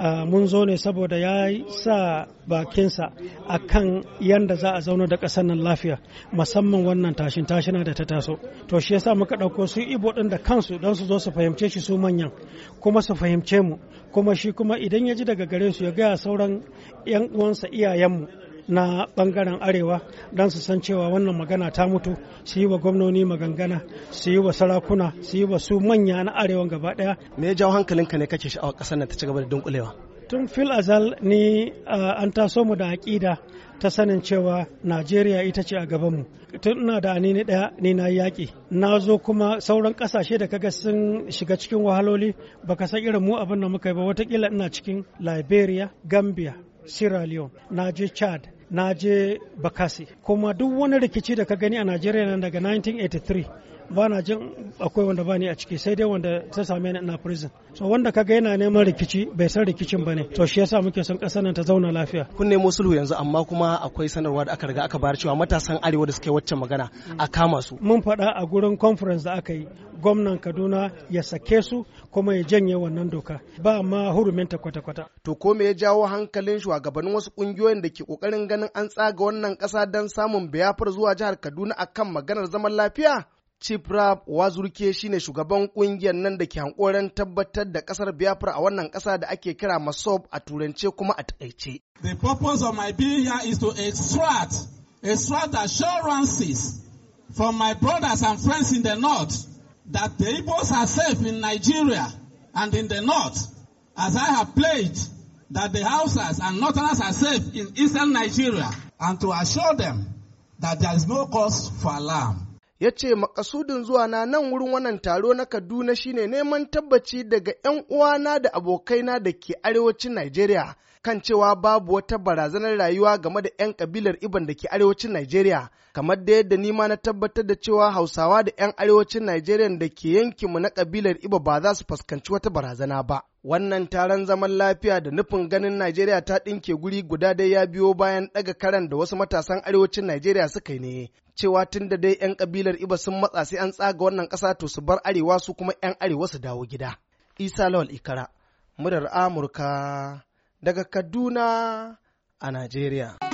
Ah, mun zo ne saboda ya sa bakinsa a kan yadda za a zauna da ƙasar nan lafiya musamman wannan tashin tashina da ta taso to shi yasa muka ɗauko su ibo ɗin da kansu don su zo su fahimce shi su manyan kuma su fahimce mu kuma shi kuma idan ya ji daga gare su ya gaya sauran 'yan uwansa iyayenmu na bangaren arewa don su san cewa wannan magana ta mutu su yi wa gwamnoni magangana su yi wa sarakuna su yi wa su manya na arewa gaba daya me ya jawo hankalinka ne kake sha'awar kasar nan ta ci gaba da dunkulewa tun fil azal ni an taso mu da aƙida ta sanin cewa najeriya ita ce a gabanmu tun ina da anini ɗaya ni na yaƙi na zo kuma sauran ƙasashe da kaga sun shiga cikin wahaloli baka san irin mu abin da muka yi ba watakila ina cikin liberia gambia sierra leone na je chad na je bakasi kuma duk wani rikici da ka gani a najeriya nan daga 1983 ba na jin akwai wanda ba ni a ciki sai dai wanda ta same ni ina prison so wanda kaga yana neman rikici bai san rikicin ba ne to shi yasa muke son kasar nan ta zauna lafiya kun nemo sulhu yanzu amma kuma akwai sanarwa da aka riga aka bayar cewa matasan arewa da suke yi magana a kama su mun faɗa a gurin conference da aka yi gwamnan kaduna ya sake su kuma ya janye wannan doka ba ma hurumin ta kwata-kwata to ko me ya jawo hankalin shugabannin wasu kungiyoyin da ke kokarin ganin an tsaga wannan kasa don samun biyafar zuwa jihar kaduna akan maganar zaman lafiya Chief Rab Wazurke shine shugaban kungiyar nan da ke hankoran tabbatar da kasar Biafra a wannan kasa da ake kira Masob a turance kuma a takaice. The purpose of my being here is to extract extract assurances from my brothers and friends in the north that the Igbos are safe in Nigeria and in the north as I have pledged that the Hausas and Northerners are safe in eastern Nigeria and to assure them that there is no cause for alarm. ya ce makasudin zuwa na nan wurin wannan taro na Kaduna shine neman tabbaci daga 'yan uwana da abokaina da ke arewacin Najeriya kan cewa babu wata barazanar rayuwa game da 'yan kabilar Iban da ke arewacin Najeriya, kamar da yadda nima na tabbatar da cewa Hausawa da 'yan arewacin Najeriya da ke yankinmu na kabilar Iba ba za su fuskanci wata barazana ba. wannan taron zaman lafiya da nufin ganin Najeriya ta ɗinke guri guda dai ya biyo bayan ɗaga karan da wasu matasan arewacin Najeriya suka yi ne. Cewa tun da dai 'yan ƙabilar Iba sun matsa sai an tsaga wannan ƙasa to su bar arewa su kuma 'yan arewa su dawo gida. Isa Lawal Ikara, murar Amurka daga Kaduna a Najeriya.